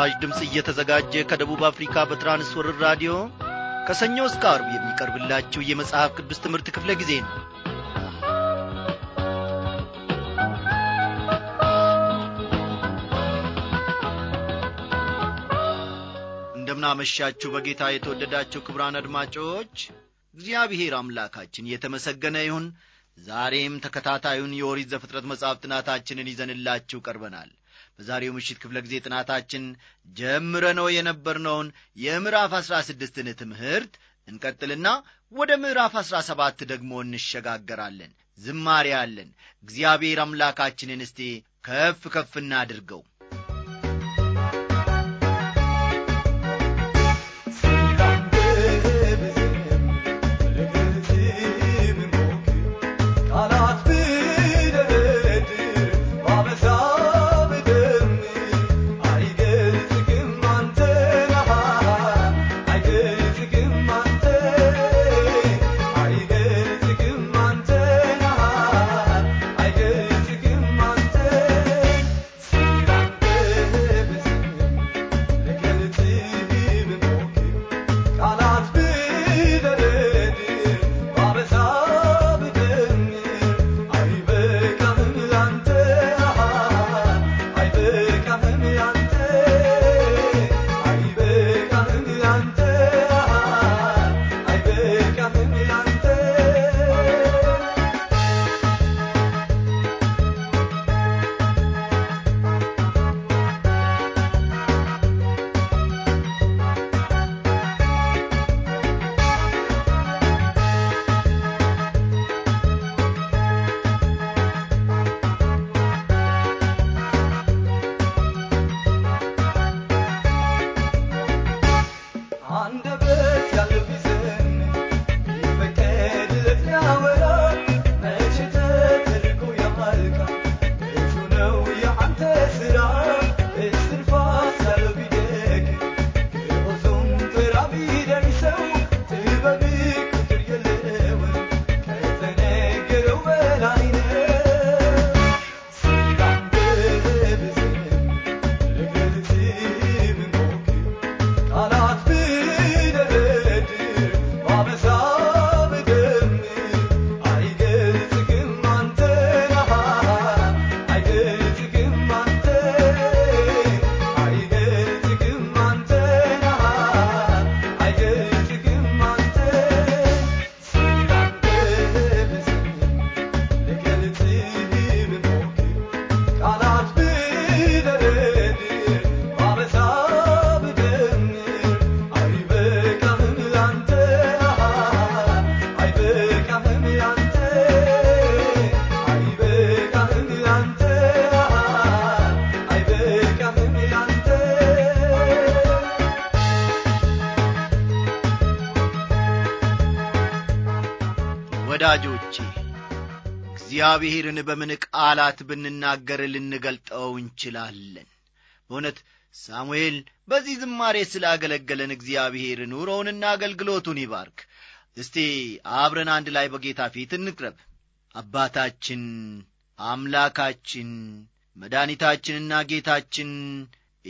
ለመስራች ድምፅ እየተዘጋጀ ከደቡብ አፍሪካ በትራንስወርር ራዲዮ ከሰኞ እስከ አርብ የሚቀርብላችሁ የመጽሐፍ ቅዱስ ትምህርት ክፍለ ጊዜ ነው። እንደምናመሻችሁ በጌታ የተወደዳችሁ ክብራን አድማጮች፣ እግዚአብሔር አምላካችን የተመሰገነ ይሁን። ዛሬም ተከታታዩን የኦሪት ዘፍጥረት መጽሐፍ ጥናታችንን ይዘንላችሁ ቀርበናል። በዛሬው ምሽት ክፍለ ጊዜ ጥናታችን ጀምረነው የነበርነውን የምዕራፍ አሥራ ስድስትን ትምህርት እንቀጥልና ወደ ምዕራፍ አሥራ ሰባት ደግሞ እንሸጋገራለን። ዝማሬ አለን። እግዚአብሔር አምላካችንን እስቴ ከፍ ከፍ እናድርገው። እግዚአብሔርን በምን ቃላት ብንናገር ልንገልጠው እንችላለን? በእውነት ሳሙኤል በዚህ ዝማሬ ስላገለገለን እግዚአብሔር ኑሮውንና አገልግሎቱን ይባርክ። እስቲ አብረን አንድ ላይ በጌታ ፊት እንቅረብ። አባታችን አምላካችን መድኒታችንና ጌታችን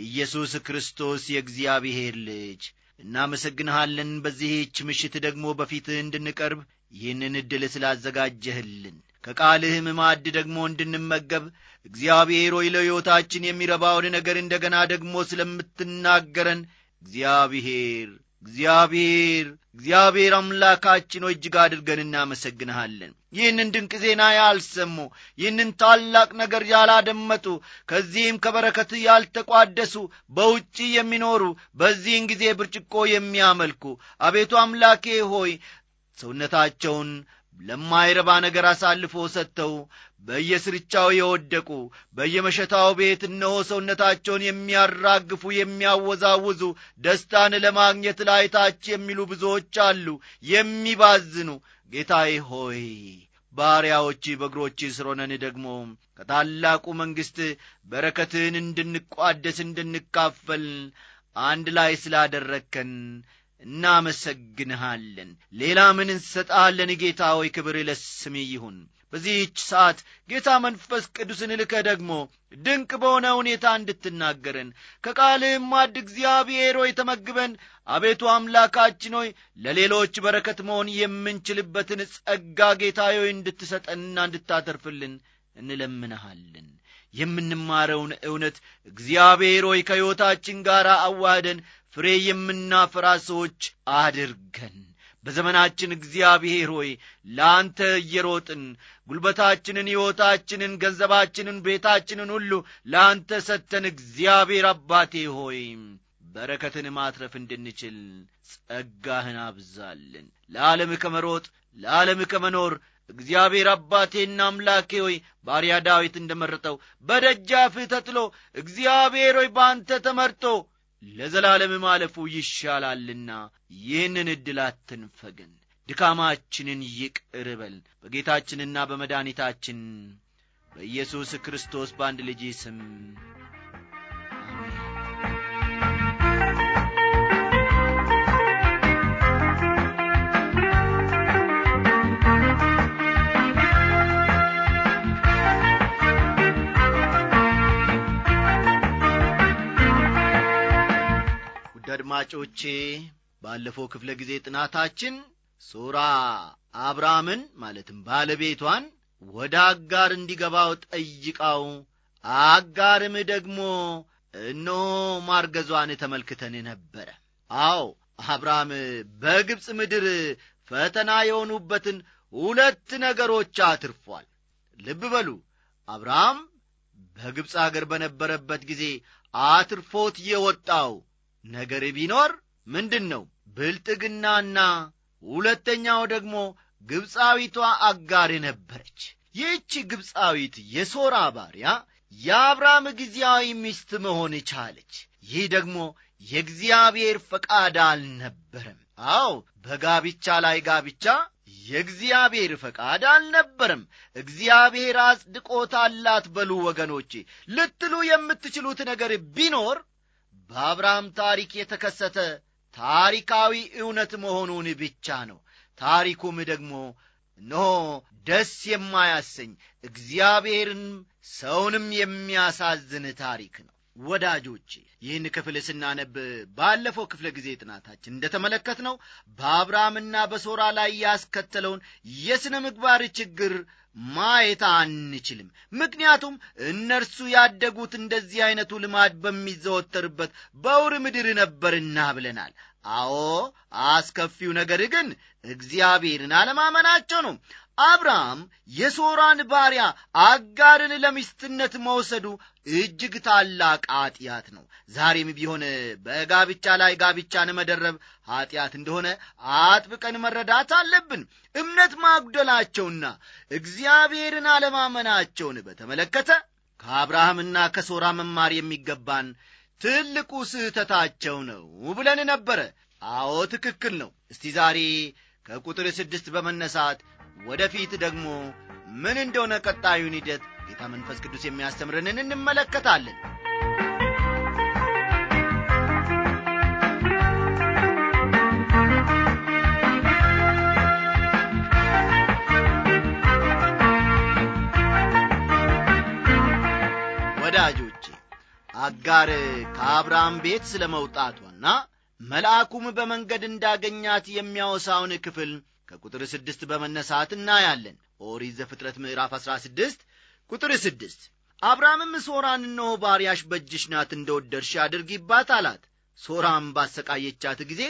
ኢየሱስ ክርስቶስ የእግዚአብሔር ልጅ እናመሰግንሃለን። በዚህች ምሽት ደግሞ በፊት እንድንቀርብ ይህንን ዕድል ስላዘጋጀህልን ከቃልህም ማዕድ ደግሞ እንድንመገብ እግዚአብሔር ሆይ ለሕይወታችን የሚረባውን ነገር እንደገና ደግሞ ስለምትናገረን እግዚአብሔር እግዚአብሔር እግዚአብሔር አምላካችን ሆይ እጅግ አድርገን እናመሰግንሃለን። ይህንን ድንቅ ዜና ያልሰሙ ይህንን ታላቅ ነገር ያላደመጡ ከዚህም ከበረከት ያልተቋደሱ በውጪ የሚኖሩ በዚህን ጊዜ ብርጭቆ የሚያመልኩ አቤቱ አምላኬ ሆይ ሰውነታቸውን ለማይረባ ነገር አሳልፎ ሰጥተው በየስርቻው የወደቁ በየመሸታው ቤት እነሆ ሰውነታቸውን የሚያራግፉ የሚያወዛውዙ ደስታን ለማግኘት ላይ ታች የሚሉ ብዙዎች አሉ የሚባዝኑ ጌታዬ ሆይ ባሪያዎች በእግሮች ስሮነን ደግሞ ከታላቁ መንግሥት በረከትን እንድንቋደስ እንድንካፈል አንድ ላይ ስላደረግከን እናመሰግንሃለን። ሌላ ምን እንሰጣለን ጌታ ሆይ? ክብር ለስሜ ይሁን። በዚህች ሰዓት ጌታ መንፈስ ቅዱስን ልከህ ደግሞ ድንቅ በሆነ ሁኔታ እንድትናገረን ከቃልህም አድ እግዚአብሔር ሆይ ተመግበን አቤቱ አምላካችን ሆይ ለሌሎች በረከት መሆን የምንችልበትን ጸጋ ጌታ ሆይ እንድትሰጠንና እንድታተርፍልን እንለምንሃለን። የምንማረውን እውነት እግዚአብሔር ሆይ ከሕይወታችን ጋር አዋህደን ፍሬ የምናፈራ ሰዎች አድርገን በዘመናችን እግዚአብሔር ሆይ ለአንተ እየሮጥን ጉልበታችንን ሕይወታችንን ገንዘባችንን ቤታችንን ሁሉ ለአንተ ሰተን እግዚአብሔር አባቴ ሆይ በረከትን ማትረፍ እንድንችል ጸጋህን አብዛልን ለዓለም ከመሮጥ ለዓለም ከመኖር እግዚአብሔር አባቴና አምላኬ ሆይ ባሪያ ዳዊት እንደመረጠው በደጃፍህ ተጥሎ እግዚአብሔር ሆይ በአንተ ተመርጦ ለዘላለም ማለፉ ይሻላልና ይህንን ዕድል አትንፈግን። ድካማችንን ይቅር በል። በጌታችንና በመድኃኒታችን በኢየሱስ ክርስቶስ በአንድ ልጅ ስም አድማጮቼ ባለፈው ክፍለ ጊዜ ጥናታችን ሶራ አብርሃምን ማለትም ባለቤቷን ወደ አጋር እንዲገባው ጠይቃው አጋርም ደግሞ እኖ ማርገዟን ተመልክተን ነበረ አዎ አብርሃም በግብፅ ምድር ፈተና የሆኑበትን ሁለት ነገሮች አትርፏል ልብ በሉ አብርሃም በግብፅ አገር በነበረበት ጊዜ አትርፎት የወጣው ነገር ቢኖር ምንድን ነው ብልጥግናና ሁለተኛው ደግሞ ግብፃዊቷ አጋር ነበረች ይህቺ ግብፃዊት የሶራ ባሪያ የአብርሃም ጊዜያዊ ሚስት መሆን ቻለች ይህ ደግሞ የእግዚአብሔር ፈቃድ አልነበረም አዎ በጋብቻ ላይ ጋብቻ የእግዚአብሔር ፈቃድ አልነበርም እግዚአብሔር አጽድቆታላት በሉ ወገኖቼ ልትሉ የምትችሉት ነገር ቢኖር በአብርሃም ታሪክ የተከሰተ ታሪካዊ እውነት መሆኑን ብቻ ነው። ታሪኩም ደግሞ እነሆ ደስ የማያሰኝ እግዚአብሔርን ሰውንም የሚያሳዝን ታሪክ ነው። ወዳጆቼ ይህን ክፍል ስናነብ ባለፈው ክፍለ ጊዜ ጥናታችን ነው በአብርሃምና በሶራ ላይ ያስከተለውን የሥነ ምግባር ችግር ማየት አንችልም። ምክንያቱም እነርሱ ያደጉት እንደዚህ ዐይነቱ ልማድ በሚዘወተርበት በውር ምድር ነበርና ብለናል። አዎ አስከፊው ነገር ግን እግዚአብሔርን አለማመናቸው ነው። አብርሃም የሶራን ባሪያ አጋርን ለሚስትነት መውሰዱ እጅግ ታላቅ ኀጢአት ነው። ዛሬም ቢሆን በጋብቻ ላይ ጋብቻን መደረብ ኀጢአት እንደሆነ አጥብቀን መረዳት አለብን። እምነት ማጉደላቸውና እግዚአብሔርን አለማመናቸውን በተመለከተ ከአብርሃምና ከሶራ መማር የሚገባን ትልቁ ስህተታቸው ነው ብለን ነበረ። አዎ ትክክል ነው። እስቲ ዛሬ ከቁጥር ስድስት በመነሳት ወደፊት ደግሞ ምን እንደሆነ ቀጣዩን ሂደት ጌታ መንፈስ ቅዱስ የሚያስተምረንን እንመለከታለን። ወዳጆቼ አጋር ከአብርሃም ቤት ስለ መውጣቷና መልአኩም በመንገድ እንዳገኛት የሚያወሳውን ክፍል ከቁጥር ስድስት በመነሳት እናያለን። ኦሪት ዘፍጥረት ምዕራፍ አሥራ ስድስት ቁጥር ስድስት አብርሃምም ሶራን እነሆ ባሪያሽ በእጅሽ ናት እንደ ወደድሽ አድርጊባት አላት። ሶራም ባሰቃየቻት ጊዜ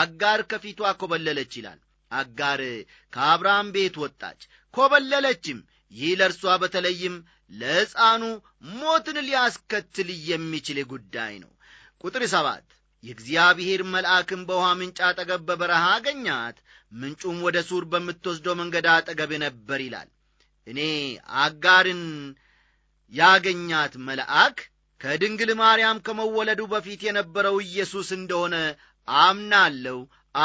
አጋር ከፊቷ ኮበለለች ይላል። አጋር ከአብርሃም ቤት ወጣች፣ ኮበለለችም። ይህ ለእርሷ በተለይም ለሕፃኑ ሞትን ሊያስከትል የሚችል ጉዳይ ነው። ቁጥር ሰባት የእግዚአብሔር መልአክም በውሃ ምንጫ አጠገብ በበረሃ አገኛት፣ ምንጩም ወደ ሱር በምትወስደው መንገድ አጠገብ ነበር ይላል። እኔ አጋርን ያገኛት መልአክ ከድንግል ማርያም ከመወለዱ በፊት የነበረው ኢየሱስ እንደሆነ አምናለሁ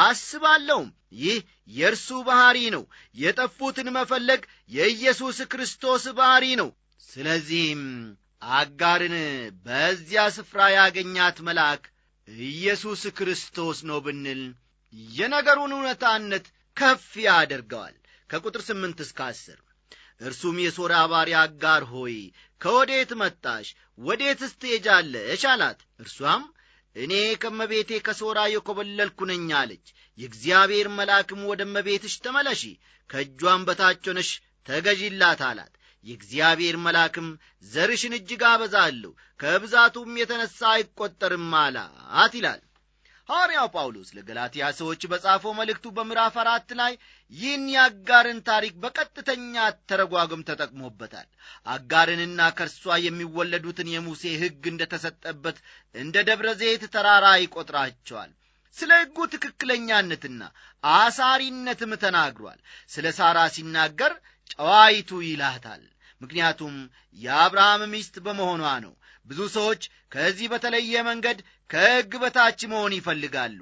አስባለሁም። ይህ የእርሱ ባሕሪ ነው። የጠፉትን መፈለግ የኢየሱስ ክርስቶስ ባሕሪ ነው። ስለዚህም አጋርን በዚያ ስፍራ ያገኛት መልአክ ኢየሱስ ክርስቶስ ነው ብንል የነገሩን እውነታነት ከፍ ያደርገዋል። ከቁጥር ስምንት እስከ አስር እርሱም የሶራ ባሪያ አጋር ሆይ ከወዴት መጣሽ? ወዴትስ ትሄጃለሽ? አላት። እርሷም እኔ ከመቤቴ ከሶራ የኰበለልኩ ነኝ አለች። የእግዚአብሔር መልአክም ወደ መቤትሽ ተመለሺ፣ ከእጇም በታች ሆነሽ ተገዢላት አላት። የእግዚአብሔር መልአክም ዘርሽን እጅግ አበዛለሁ፣ ከብዛቱም የተነሣ አይቈጠርም አላት ይላል። ሐዋርያው ጳውሎስ ለገላትያ ሰዎች በጻፈው መልእክቱ በምዕራፍ አራት ላይ ይህን የአጋርን ታሪክ በቀጥተኛ ተረጓግም ተጠቅሞበታል። አጋርንና ከርሷ የሚወለዱትን የሙሴ ሕግ እንደ ተሰጠበት እንደ ደብረ ዘይት ተራራ ይቆጥራቸዋል። ስለ ሕጉ ትክክለኛነትና አሳሪነትም ተናግሯል። ስለ ሳራ ሲናገር ጨዋይቱ ይላታል፣ ምክንያቱም የአብርሃም ሚስት በመሆኗ ነው። ብዙ ሰዎች ከዚህ በተለየ መንገድ ከሕግ በታች መሆን ይፈልጋሉ።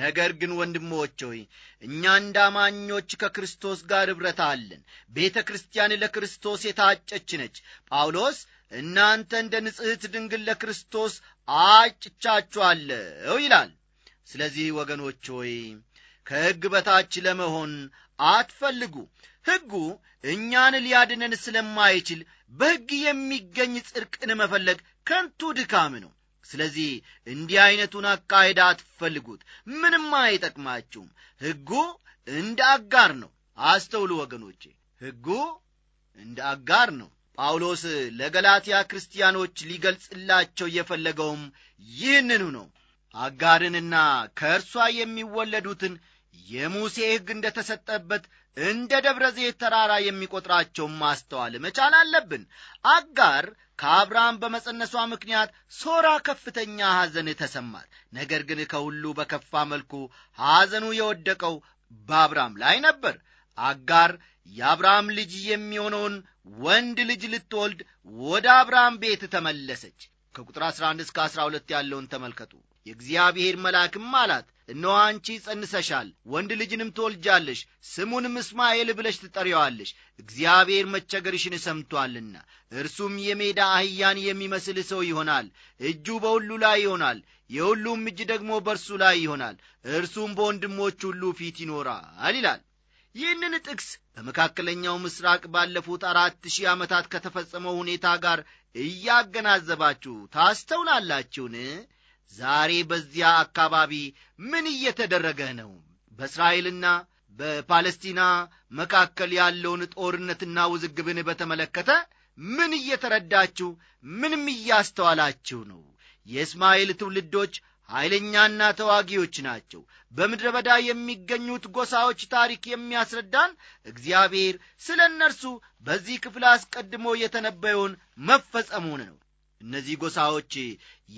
ነገር ግን ወንድሞች ሆይ እኛ እንደ አማኞች ከክርስቶስ ጋር ኅብረት አለን። ቤተ ክርስቲያን ለክርስቶስ የታጨች ነች። ጳውሎስ እናንተ እንደ ንጽሕት ድንግል ለክርስቶስ አጭቻችኋለሁ ይላል። ስለዚህ ወገኖች ሆይ ከሕግ በታች ለመሆን አትፈልጉ። ሕጉ እኛን ሊያድነን ስለማይችል በሕግ የሚገኝ ጽድቅን መፈለግ ከንቱ ድካም ነው። ስለዚህ እንዲህ ዐይነቱን አካሄድ አትፈልጉት፣ ምንም አይጠቅማችሁም። ሕጉ እንደ አጋር ነው። አስተውሉ ወገኖቼ፣ ሕጉ እንደ አጋር ነው። ጳውሎስ ለገላትያ ክርስቲያኖች ሊገልጽላቸው የፈለገውም ይህንኑ ነው። አጋርንና ከእርሷ የሚወለዱትን የሙሴ ሕግ እንደ ተሰጠበት እንደ ደብረ ዘይት ተራራ የሚቆጥራቸውን ማስተዋል መቻል አለብን። አጋር ከአብርሃም በመጸነሷ ምክንያት ሶራ ከፍተኛ ሐዘን ተሰማት። ነገር ግን ከሁሉ በከፋ መልኩ ሐዘኑ የወደቀው በአብርሃም ላይ ነበር። አጋር የአብርሃም ልጅ የሚሆነውን ወንድ ልጅ ልትወልድ ወደ አብርሃም ቤት ተመለሰች። ከቁጥር 11 እስከ 12 ያለውን ተመልከቱ። የእግዚአብሔር መልአክም አላት፣ እነሆ አንቺ ጸንሰሻል፣ ወንድ ልጅንም ትወልጃለሽ፣ ስሙንም እስማኤል ብለሽ ትጠሪዋለሽ፣ እግዚአብሔር መቸገርሽን ሰምቶአልና። እርሱም የሜዳ አህያን የሚመስል ሰው ይሆናል፣ እጁ በሁሉ ላይ ይሆናል፣ የሁሉም እጅ ደግሞ በእርሱ ላይ ይሆናል፣ እርሱም በወንድሞች ሁሉ ፊት ይኖራል ይላል። ይህንን ጥቅስ በመካከለኛው ምስራቅ ባለፉት አራት ሺህ ዓመታት ከተፈጸመው ሁኔታ ጋር እያገናዘባችሁ ታስተውላላችሁን? ዛሬ በዚያ አካባቢ ምን እየተደረገ ነው? በእስራኤልና በፓለስቲና መካከል ያለውን ጦርነትና ውዝግብን በተመለከተ ምን እየተረዳችሁ ምንም እያስተዋላችሁ ነው? የእስማኤል ትውልዶች ኃይለኛና ተዋጊዎች ናቸው። በምድረ በዳ የሚገኙት ጎሳዎች ታሪክ የሚያስረዳን እግዚአብሔር ስለ እነርሱ በዚህ ክፍል አስቀድሞ የተነበየውን መፈጸሙን ነው። እነዚህ ጎሳዎች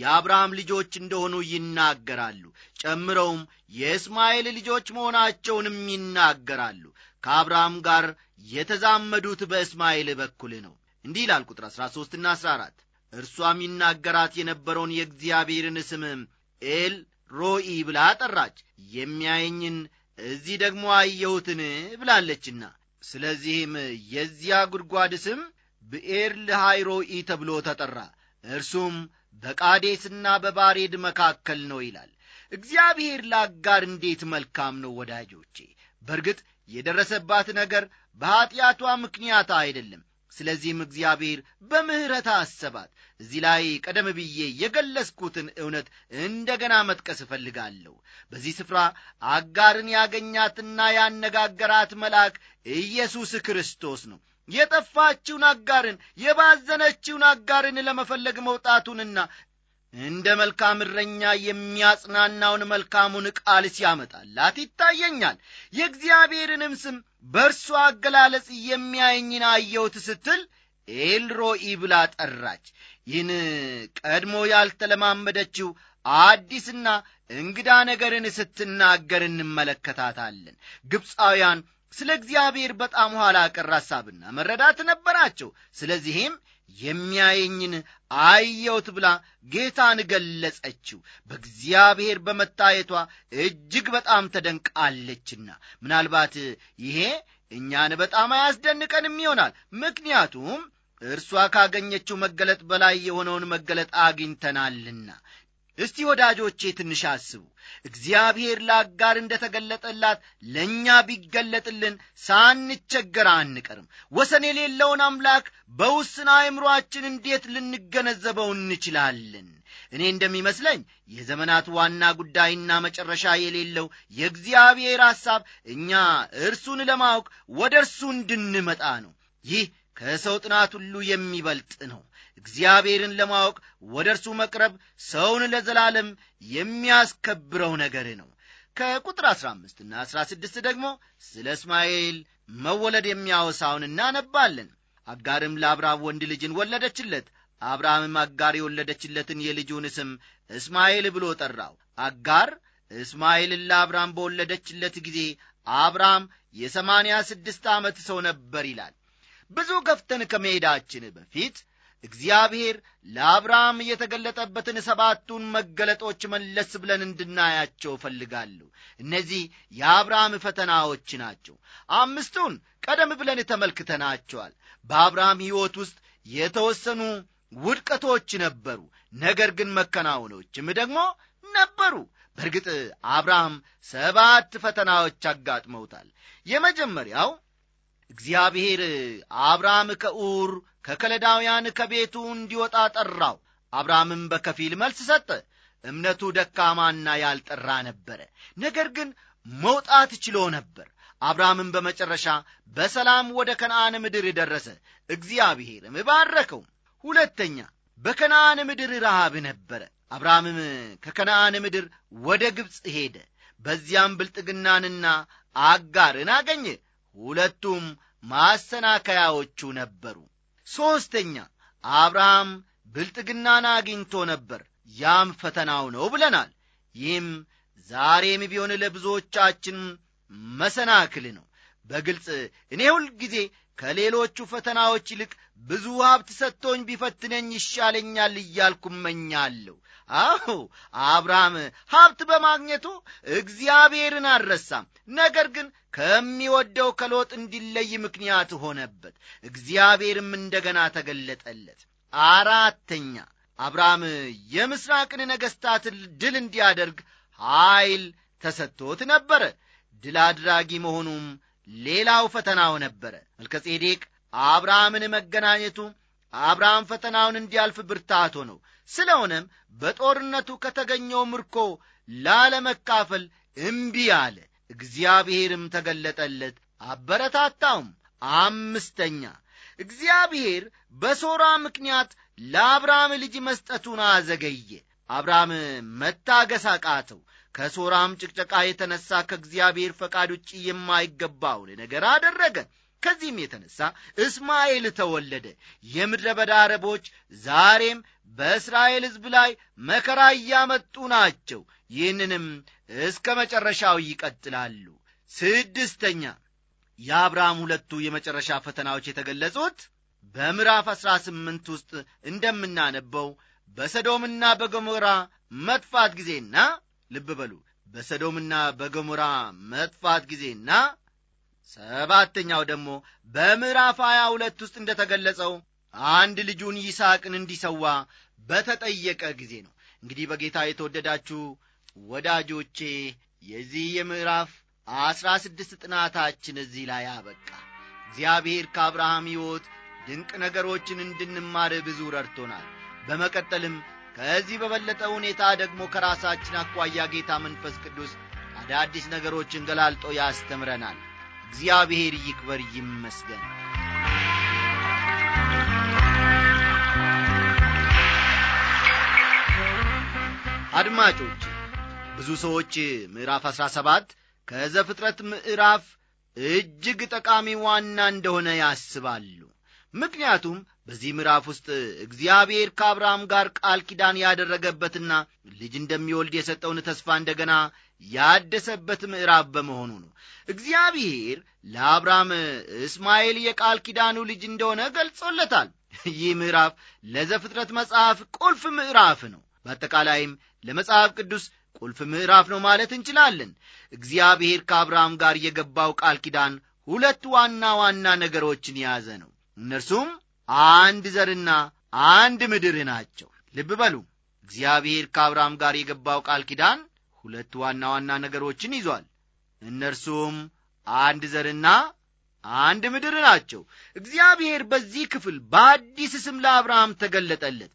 የአብርሃም ልጆች እንደሆኑ ይናገራሉ። ጨምረውም የእስማኤል ልጆች መሆናቸውንም ይናገራሉ። ከአብርሃም ጋር የተዛመዱት በእስማኤል በኩል ነው። እንዲህ ይላል ቁጥር 13ና 14 እርሷም ይናገራት የነበረውን የእግዚአብሔርን ስም ኤል ሮኢ ብላ ጠራች የሚያየኝን እዚህ ደግሞ አየሁትን ብላለችና ስለዚህም የዚያ ጉድጓድ ስም ብኤር ልሃይ ሮኢ ተብሎ ተጠራ እርሱም በቃዴስና በባሬድ መካከል ነው ይላል እግዚአብሔር ለአጋር እንዴት መልካም ነው ወዳጆቼ በርግጥ የደረሰባት ነገር በኀጢአቷ ምክንያት አይደለም ስለዚህም እግዚአብሔር በምሕረት አሰባት። እዚህ ላይ ቀደም ብዬ የገለጽኩትን እውነት እንደገና መጥቀስ እፈልጋለሁ። በዚህ ስፍራ አጋርን ያገኛትና ያነጋገራት መልአክ ኢየሱስ ክርስቶስ ነው። የጠፋችውን አጋርን የባዘነችውን አጋርን ለመፈለግ መውጣቱንና እንደ መልካም እረኛ የሚያጽናናውን መልካሙን ቃል ሲያመጣላት ይታየኛል። የእግዚአብሔርንም ስም በእርሱ አገላለጽ የሚያየኝን አየሁት ስትል ኤልሮኢ ብላ ጠራች። ይህን ቀድሞ ያልተለማመደችው አዲስና እንግዳ ነገርን ስትናገር እንመለከታታለን። ግብፃውያን ስለ እግዚአብሔር በጣም ኋላ ቀር ሐሳብና መረዳት ነበራቸው። ስለዚህም የሚያየኝን አየሁት ብላ ጌታን ገለጸችው። በእግዚአብሔር በመታየቷ እጅግ በጣም ተደንቃለችና ምናልባት ይሄ እኛን በጣም አያስደንቀንም ይሆናል። ምክንያቱም እርሷ ካገኘችው መገለጥ በላይ የሆነውን መገለጥ አግኝተናልና እስቲ ወዳጆቼ ትንሽ አስቡ። እግዚአብሔር ለአጋር እንደ ተገለጠላት ለእኛ ቢገለጥልን ሳንቸገር አንቀርም። ወሰን የሌለውን አምላክ በውስን አእምሮአችን እንዴት ልንገነዘበው እንችላለን? እኔ እንደሚመስለኝ የዘመናት ዋና ጉዳይና መጨረሻ የሌለው የእግዚአብሔር ሐሳብ እኛ እርሱን ለማወቅ ወደ እርሱ እንድንመጣ ነው። ይህ ከሰው ጥናት ሁሉ የሚበልጥ ነው። እግዚአብሔርን ለማወቅ ወደ እርሱ መቅረብ ሰውን ለዘላለም የሚያስከብረው ነገር ነው። ከቁጥር 15ና 16 ደግሞ ስለ እስማኤል መወለድ የሚያወሳውን እናነባለን። አጋርም ለአብርሃም ወንድ ልጅን ወለደችለት። አብርሃምም አጋር የወለደችለትን የልጁን ስም እስማኤል ብሎ ጠራው። አጋር እስማኤልን ለአብርሃም በወለደችለት ጊዜ አብርሃም የሰማንያ ስድስት ዓመት ሰው ነበር ይላል። ብዙ ከፍተን ከመሄዳችን በፊት እግዚአብሔር ለአብርሃም የተገለጠበትን ሰባቱን መገለጦች መለስ ብለን እንድናያቸው እፈልጋለሁ። እነዚህ የአብርሃም ፈተናዎች ናቸው። አምስቱን ቀደም ብለን ተመልክተናቸዋል። በአብርሃም ሕይወት ውስጥ የተወሰኑ ውድቀቶች ነበሩ፣ ነገር ግን መከናወኖችም ደግሞ ነበሩ። በእርግጥ አብርሃም ሰባት ፈተናዎች አጋጥመውታል። የመጀመሪያው እግዚአብሔር አብርሃም ከዑር ከከለዳውያን ከቤቱ እንዲወጣ ጠራው። አብርሃምም በከፊል መልስ ሰጠ። እምነቱ ደካማና ያልጠራ ነበረ፣ ነገር ግን መውጣት ችሎ ነበር። አብርሃምም በመጨረሻ በሰላም ወደ ከነአን ምድር ደረሰ፣ እግዚአብሔርም ባረከው። ሁለተኛ በከነአን ምድር ረሃብ ነበረ። አብርሃምም ከከነአን ምድር ወደ ግብፅ ሄደ። በዚያም ብልጥግናንና አጋርን አገኘ። ሁለቱም ማሰናከያዎቹ ነበሩ። ሦስተኛ አብርሃም ብልጥግናን አግኝቶ ነበር ያም ፈተናው ነው ብለናል ይህም ዛሬም ቢሆን ለብዙዎቻችን መሰናክል ነው በግልጽ እኔ ሁልጊዜ ከሌሎቹ ፈተናዎች ይልቅ ብዙ ሀብት ሰጥቶኝ ቢፈትነኝ ይሻለኛል እያልኩ እመኛለሁ። አሁ አብርሃም ሀብት በማግኘቱ እግዚአብሔርን አልረሳም። ነገር ግን ከሚወደው ከሎጥ እንዲለይ ምክንያት ሆነበት። እግዚአብሔርም እንደገና ተገለጠለት። አራተኛ አብርሃም የምሥራቅን ነገሥታት ድል እንዲያደርግ ኀይል ተሰጥቶት ነበረ። ድል አድራጊ መሆኑም ሌላው ፈተናው ነበረ። መልከጼዴቅ አብርሃምን መገናኘቱ አብርሃም ፈተናውን እንዲያልፍ ነው። ስለ ሆነም በጦርነቱ ከተገኘው ምርኮ ላለመካፈል እምቢ አለ። እግዚአብሔርም ተገለጠለት፣ አበረታታውም። አምስተኛ እግዚአብሔር በሶራ ምክንያት ለአብርሃም ልጅ መስጠቱን አዘገየ። አብርሃም መታገስ አቃተው። ከሶራም ጭቅጨቃ የተነሳ ከእግዚአብሔር ፈቃድ ውጭ የማይገባውን ነገር አደረገ። ከዚህም የተነሳ እስማኤል ተወለደ። የምድረ በዳ አረቦች ዛሬም በእስራኤል ሕዝብ ላይ መከራ እያመጡ ናቸው። ይህንንም እስከ መጨረሻው ይቀጥላሉ። ስድስተኛ የአብርሃም ሁለቱ የመጨረሻ ፈተናዎች የተገለጹት በምዕራፍ አሥራ ስምንት ውስጥ እንደምናነበው በሰዶምና በገሞራ መጥፋት ጊዜና ልብ በሉ በሰዶምና በገሞራ መጥፋት ጊዜና ሰባተኛው ደግሞ በምዕራፍ ሀያ ሁለት ውስጥ እንደ ተገለጸው አንድ ልጁን ይስሐቅን እንዲሰዋ በተጠየቀ ጊዜ ነው። እንግዲህ በጌታ የተወደዳችሁ ወዳጆቼ የዚህ የምዕራፍ አስራ ስድስት ጥናታችን እዚህ ላይ አበቃ። እግዚአብሔር ከአብርሃም ሕይወት ድንቅ ነገሮችን እንድንማር ብዙ ረድቶናል። በመቀጠልም ከዚህ በበለጠ ሁኔታ ደግሞ ከራሳችን አኳያ ጌታ መንፈስ ቅዱስ አዳዲስ ነገሮችን ገላልጦ ያስተምረናል። እግዚአብሔር ይክበር ይመስገን አድማጮች ብዙ ሰዎች ምዕራፍ 17 ከዘፍጥረት ምዕራፍ እጅግ ጠቃሚ ዋና እንደሆነ ያስባሉ ምክንያቱም በዚህ ምዕራፍ ውስጥ እግዚአብሔር ከአብርሃም ጋር ቃል ኪዳን ያደረገበትና ልጅ እንደሚወልድ የሰጠውን ተስፋ እንደገና ያደሰበት ምዕራፍ በመሆኑ ነው። እግዚአብሔር ለአብርሃም እስማኤል የቃል ኪዳኑ ልጅ እንደሆነ ገልጾለታል። ይህ ምዕራፍ ለዘፍጥረት መጽሐፍ ቁልፍ ምዕራፍ ነው። በአጠቃላይም ለመጽሐፍ ቅዱስ ቁልፍ ምዕራፍ ነው ማለት እንችላለን። እግዚአብሔር ከአብርሃም ጋር የገባው ቃል ኪዳን ሁለት ዋና ዋና ነገሮችን የያዘ ነው። እነርሱም አንድ ዘርና አንድ ምድር ናቸው። ልብ በሉ እግዚአብሔር ከአብርሃም ጋር የገባው ቃል ኪዳን ሁለት ዋና ዋና ነገሮችን ይዟል። እነርሱም አንድ ዘርና አንድ ምድር ናቸው። እግዚአብሔር በዚህ ክፍል በአዲስ ስም ለአብርሃም ተገለጠለት።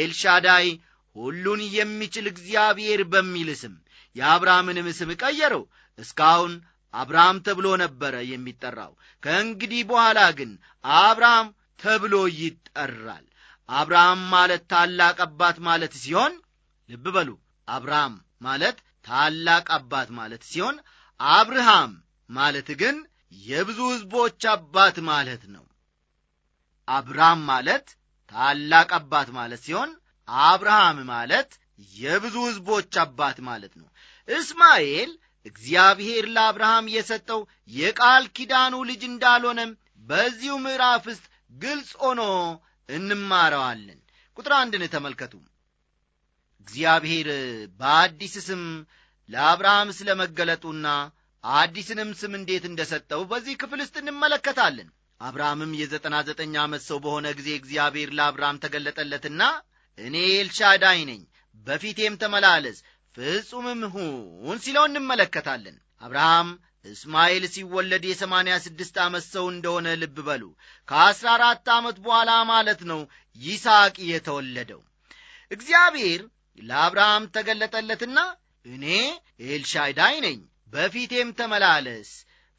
ኤልሻዳይ ሁሉን የሚችል እግዚአብሔር በሚል ስም የአብርሃምንም ስም ቀየረው። እስካሁን አብርሃም ተብሎ ነበረ የሚጠራው። ከእንግዲህ በኋላ ግን አብርሃም ተብሎ ይጠራል። አብርሃም ማለት ታላቅ አባት ማለት ሲሆን ልብ በሉ አብርሃም ማለት ታላቅ አባት ማለት ሲሆን አብርሃም ማለት ግን የብዙ ሕዝቦች አባት ማለት ነው። አብርሃም ማለት ታላቅ አባት ማለት ሲሆን አብርሃም ማለት የብዙ ሕዝቦች አባት ማለት ነው። እስማኤል እግዚአብሔር ለአብርሃም የሰጠው የቃል ኪዳኑ ልጅ እንዳልሆነም በዚሁ ምዕራፍ ውስጥ ግልጽ ሆኖ እንማረዋለን ቁጥር አንድን ተመልከቱ እግዚአብሔር በአዲስ ስም ለአብርሃም ስለ መገለጡና አዲስንም ስም እንዴት እንደ ሰጠው በዚህ ክፍል ውስጥ እንመለከታለን አብርሃምም የዘጠና ዘጠኝ ዓመት ሰው በሆነ ጊዜ እግዚአብሔር ለአብርሃም ተገለጠለትና እኔ ኤልሻዳይ ነኝ በፊቴም ተመላለስ ፍጹምም ሁን ሲለው እንመለከታለን አብርሃም እስማኤል ሲወለድ የሰማንያ ስድስት ዓመት ሰው እንደሆነ ልብ በሉ። ከአሥራ አራት ዓመት በኋላ ማለት ነው ይስሐቅ የተወለደው። እግዚአብሔር ለአብርሃም ተገለጠለትና እኔ ኤልሻዳይ ነኝ፣ በፊቴም ተመላለስ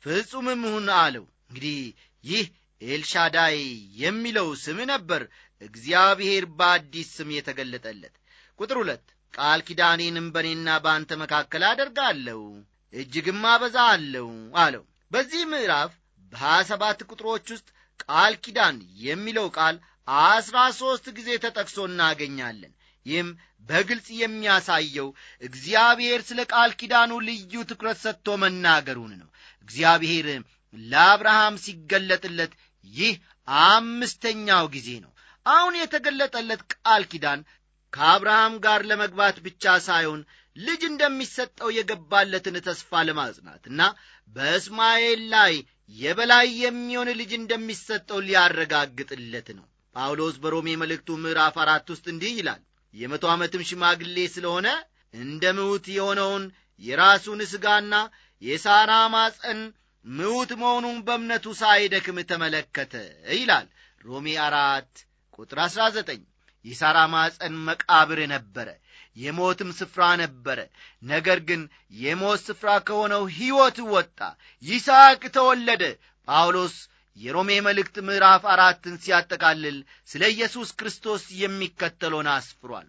ፍጹምም ሁን አለው። እንግዲህ ይህ ኤልሻዳይ የሚለው ስም ነበር እግዚአብሔር በአዲስ ስም የተገለጠለት። ቁጥር ሁለት ቃል ኪዳኔንም በእኔና በአንተ መካከል አደርጋለሁ እጅግም አለው አለው። በዚህ ምዕራፍ በሀያ ሰባት ቁጥሮች ውስጥ ቃል ኪዳን የሚለው ቃል አስራ ሦስት ጊዜ ተጠቅሶ እናገኛለን። ይህም በግልጽ የሚያሳየው እግዚአብሔር ስለ ቃል ኪዳኑ ልዩ ትኩረት ሰጥቶ መናገሩን ነው። እግዚአብሔር ለአብርሃም ሲገለጥለት ይህ አምስተኛው ጊዜ ነው። አሁን የተገለጠለት ቃል ኪዳን ከአብርሃም ጋር ለመግባት ብቻ ሳይሆን ልጅ እንደሚሰጠው የገባለትን ተስፋ እና በእስማኤል ላይ የበላይ የሚሆን ልጅ እንደሚሰጠው ሊያረጋግጥለት ነው። ጳውሎስ በሮሜ መልእክቱ ምዕራፍ አራት ውስጥ እንዲህ ይላል የመቶ ዓመትም ሽማግሌ ስለሆነ እንደ ምውት የሆነውን የራሱን ሥጋና የሳራ ማፀን ምውት መሆኑን በእምነቱ ሳይደክም ተመለከተ ይላል ሮሜ አራት ቁጥር አሥራ ዘጠኝ የሳራ ማፀን መቃብር ነበረ የሞትም ስፍራ ነበረ። ነገር ግን የሞት ስፍራ ከሆነው ሕይወት ወጣ፣ ይስሐቅ ተወለደ። ጳውሎስ የሮሜ መልእክት ምዕራፍ አራትን ሲያጠቃልል ስለ ኢየሱስ ክርስቶስ የሚከተለውን አስፍሯል።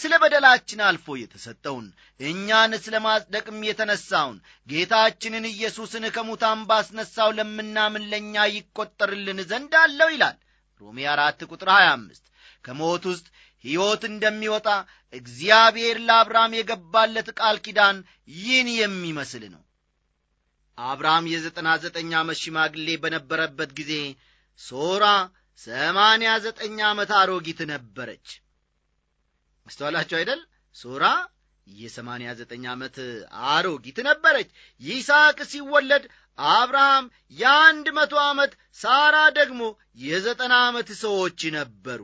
ስለ በደላችን አልፎ የተሰጠውን እኛን ስለ ማጽደቅም የተነሳውን ጌታችንን ኢየሱስን ከሙታን ባስነሳው ለምናምን ለእኛ ይቈጠርልን ዘንድ አለው ይላል ሮሜ አራት ቁጥር 25 ከሞት ውስጥ ሕይወት እንደሚወጣ እግዚአብሔር ለአብርሃም የገባለት ቃል ኪዳን ይህን የሚመስል ነው። አብርሃም የዘጠና ዘጠኝ ዓመት ሽማግሌ በነበረበት ጊዜ ሶራ ሰማንያ ዘጠኝ ዓመት አሮጊት ነበረች። አስተዋላችሁ አይደል? ሶራ የሰማንያ ዘጠኝ ዓመት አሮጊት ነበረች። ይስሐቅ ሲወለድ አብርሃም የአንድ መቶ ዓመት ሳራ ደግሞ የዘጠና ዓመት ሰዎች ነበሩ።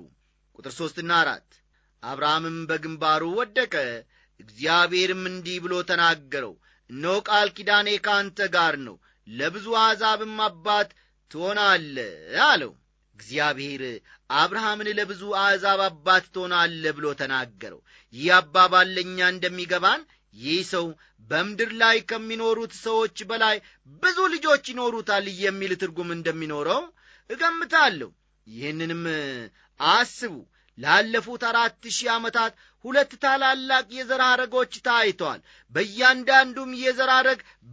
ቁጥር ሦስትና አራት አብርሃምም በግንባሩ ወደቀ። እግዚአብሔርም እንዲህ ብሎ ተናገረው፣ እነሆ ቃል ኪዳኔ ከአንተ ጋር ነው፣ ለብዙ አሕዛብም አባት ትሆናለህ አለው። እግዚአብሔር አብርሃምን ለብዙ አሕዛብ አባት ትሆናለህ ብሎ ተናገረው። ይህ አባባል ለእኛ እንደሚገባን ይህ ሰው በምድር ላይ ከሚኖሩት ሰዎች በላይ ብዙ ልጆች ይኖሩታል የሚል ትርጉም እንደሚኖረው እገምታለሁ። ይህንንም አስቡ ላለፉት አራት ሺህ ዓመታት ሁለት ታላላቅ የዘር ታይተዋል። በእያንዳንዱም የዘር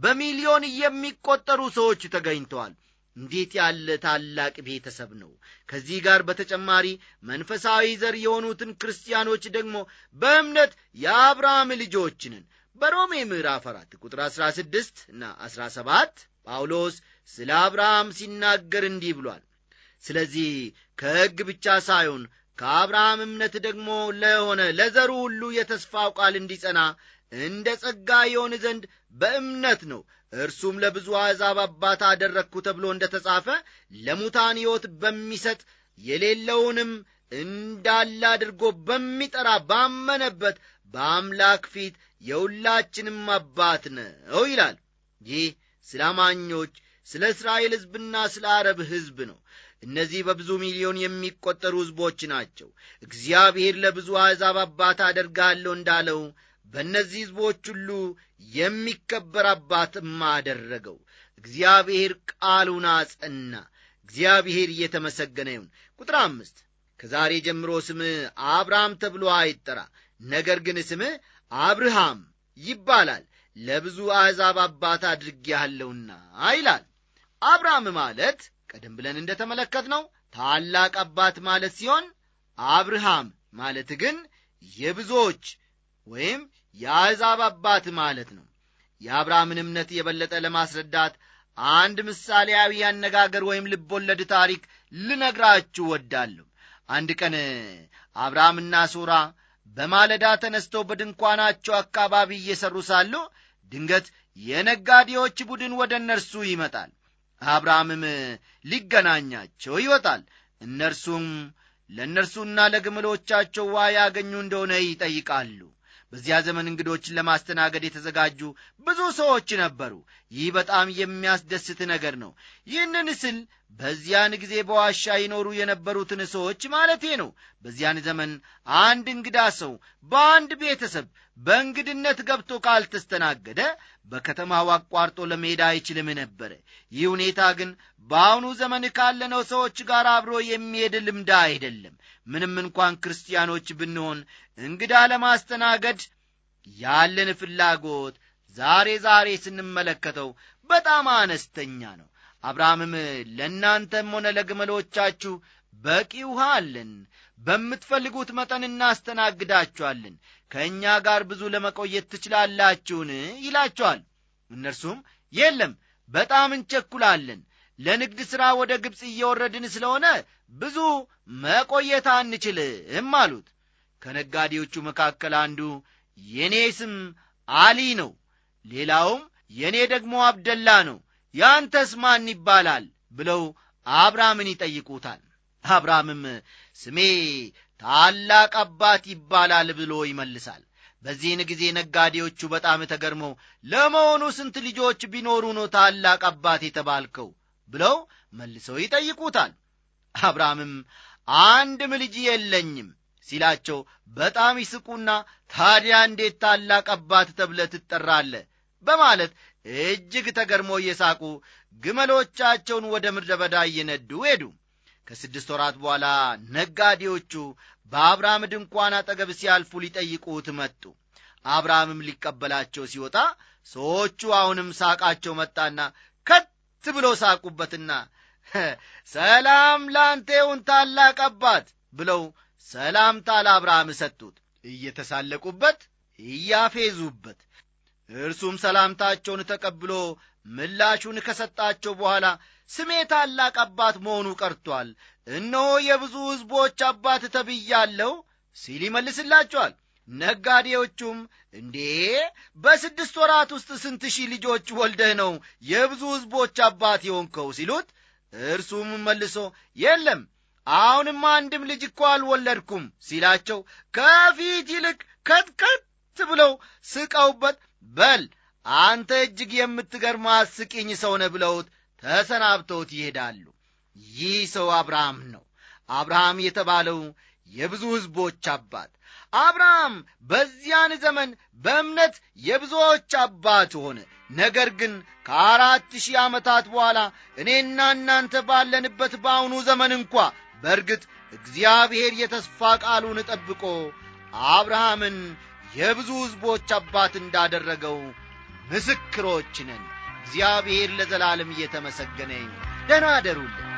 በሚሊዮን የሚቆጠሩ ሰዎች ተገኝተዋል። እንዴት ያለ ታላቅ ቤተሰብ ነው! ከዚህ ጋር በተጨማሪ መንፈሳዊ ዘር የሆኑትን ክርስቲያኖች ደግሞ በእምነት የአብርሃም ልጆችንን በሮሜ ምዕራፍ አራት ቁጥር 16 እና 17 ጳውሎስ ስለ አብርሃም ሲናገር እንዲህ ብሏል። ስለዚህ ከሕግ ብቻ ሳይሆን ከአብርሃም እምነት ደግሞ ለሆነ ለዘሩ ሁሉ የተስፋው ቃል እንዲጸና እንደ ጸጋ የሆን ዘንድ በእምነት ነው። እርሱም ለብዙ አሕዛብ አባት አደረግኩ ተብሎ እንደ ተጻፈ ለሙታን ሕይወት በሚሰጥ የሌለውንም እንዳለ አድርጎ በሚጠራ ባመነበት በአምላክ ፊት የሁላችንም አባት ነው ይላል። ይህ ስለ አማኞች ስለ እስራኤል ሕዝብና ስለ አረብ ሕዝብ ነው። እነዚህ በብዙ ሚሊዮን የሚቆጠሩ ሕዝቦች ናቸው። እግዚአብሔር ለብዙ አሕዛብ አባት አደርጋለሁ እንዳለው በእነዚህ ሕዝቦች ሁሉ የሚከበር አባትም አደረገው። እግዚአብሔር ቃሉን አጸና። እግዚአብሔር እየተመሰገነ ይሁን። ቁጥር አምስት ከዛሬ ጀምሮ ስምህ አብርሃም ተብሎ አይጠራ፣ ነገር ግን ስምህ አብርሃም ይባላል ለብዙ አሕዛብ አባት አድርጌሃለሁና ይላል። አብርሃም ማለት ቀደም ብለን ነው ታላቅ አባት ማለት ሲሆን አብርሃም ማለት ግን የብዙዎች ወይም የአሕዛብ አባት ማለት ነው። የአብርሃምን እምነት የበለጠ ለማስረዳት አንድ ምሳሌያዊ አነጋገር ወይም ልቦለድ ታሪክ ልነግራችሁ ወዳለሁ። አንድ ቀን አብርሃምና ሱራ በማለዳ ተነስተው በድንኳናቸው አካባቢ እየሠሩ ሳሉ ድንገት የነጋዴዎች ቡድን ወደ እነርሱ ይመጣል። አብርሃምም ሊገናኛቸው ይወጣል። እነርሱም ለእነርሱና ለግምሎቻቸው ውኃ ያገኙ እንደሆነ ይጠይቃሉ። በዚያ ዘመን እንግዶችን ለማስተናገድ የተዘጋጁ ብዙ ሰዎች ነበሩ። ይህ በጣም የሚያስደስት ነገር ነው። ይህንን ስል በዚያን ጊዜ በዋሻ ይኖሩ የነበሩትን ሰዎች ማለቴ ነው። በዚያን ዘመን አንድ እንግዳ ሰው በአንድ ቤተሰብ በእንግድነት ገብቶ ካልተስተናገደ በከተማው አቋርጦ ለመሄድ አይችልም ነበረ። ይህ ሁኔታ ግን በአሁኑ ዘመን ካለነው ሰዎች ጋር አብሮ የሚሄድ ልምዳ አይደለም። ምንም እንኳን ክርስቲያኖች ብንሆን እንግዳ ለማስተናገድ ያለን ፍላጎት ዛሬ ዛሬ ስንመለከተው በጣም አነስተኛ ነው። አብርሃምም ለእናንተም ሆነ ለግመሎቻችሁ በቂ ውሃ አለን፣ በምትፈልጉት መጠን እናስተናግዳችኋለን፣ ከእኛ ጋር ብዙ ለመቆየት ትችላላችሁን? ይላችኋል እነርሱም የለም፣ በጣም እንቸኩላለን፣ ለንግድ ሥራ ወደ ግብፅ እየወረድን ስለሆነ ብዙ መቆየት አንችልም አሉት። ከነጋዴዎቹ መካከል አንዱ የእኔ ስም አሊ ነው፣ ሌላውም የእኔ ደግሞ አብደላ ነው ያንተስ ማን ይባላል ብለው አብርሃምን ይጠይቁታል። አብርሃምም ስሜ ታላቅ አባት ይባላል ብሎ ይመልሳል። በዚህን ጊዜ ነጋዴዎቹ በጣም ተገርመው ለመሆኑ ስንት ልጆች ቢኖሩ ነው ታላቅ አባት የተባልከው ብለው መልሰው ይጠይቁታል። አብርሃምም አንድም ልጅ የለኝም ሲላቸው በጣም ይስቁና ታዲያ እንዴት ታላቅ አባት ተብለ ትጠራለህ? በማለት እጅግ ተገርሞ እየሳቁ ግመሎቻቸውን ወደ ምድረ በዳ እየነዱ ሄዱ። ከስድስት ወራት በኋላ ነጋዴዎቹ በአብርሃም ድንኳን አጠገብ ሲያልፉ ሊጠይቁት መጡ። አብርሃምም ሊቀበላቸው ሲወጣ ሰዎቹ አሁንም ሳቃቸው መጣና ከት ብሎ ሳቁበትና ሰላም ላንተ ታላቅ አባት ብለው ሰላምታ ለአብርሃም ሰጡት። እየተሳለቁበት፣ እያፌዙበት እርሱም ሰላምታቸውን ተቀብሎ ምላሹን ከሰጣቸው በኋላ ስሜ ታላቅ አባት መሆኑ ቀርቷል፣ እነሆ የብዙ ሕዝቦች አባት ተብያለሁ ሲል ይመልስላቸዋል። ነጋዴዎቹም እንዴ በስድስት ወራት ውስጥ ስንት ሺህ ልጆች ወልደህ ነው የብዙ ሕዝቦች አባት የሆንከው ሲሉት፣ እርሱም መልሶ የለም አሁንም አንድም ልጅ እኮ አልወለድኩም ሲላቸው ከፊት ይልቅ ከትከት ብለው ስቀውበት በል አንተ እጅግ የምትገርም አስቂኝ ሰው ብለውት ተሰናብተውት ይሄዳሉ። ይህ ሰው አብርሃም ነው። አብርሃም የተባለው የብዙ ሕዝቦች አባት አብርሃም በዚያን ዘመን በእምነት የብዙዎች አባት ሆነ። ነገር ግን ከአራት ሺህ ዓመታት በኋላ እኔና እናንተ ባለንበት በአሁኑ ዘመን እንኳ በእርግጥ እግዚአብሔር የተስፋ ቃሉን ጠብቆ አብርሃምን የብዙ ሕዝቦች አባት እንዳደረገው ምስክሮች ነን። እግዚአብሔር ለዘላለም እየተመሰገነኝ ይሁን። ደህና አደሩልን።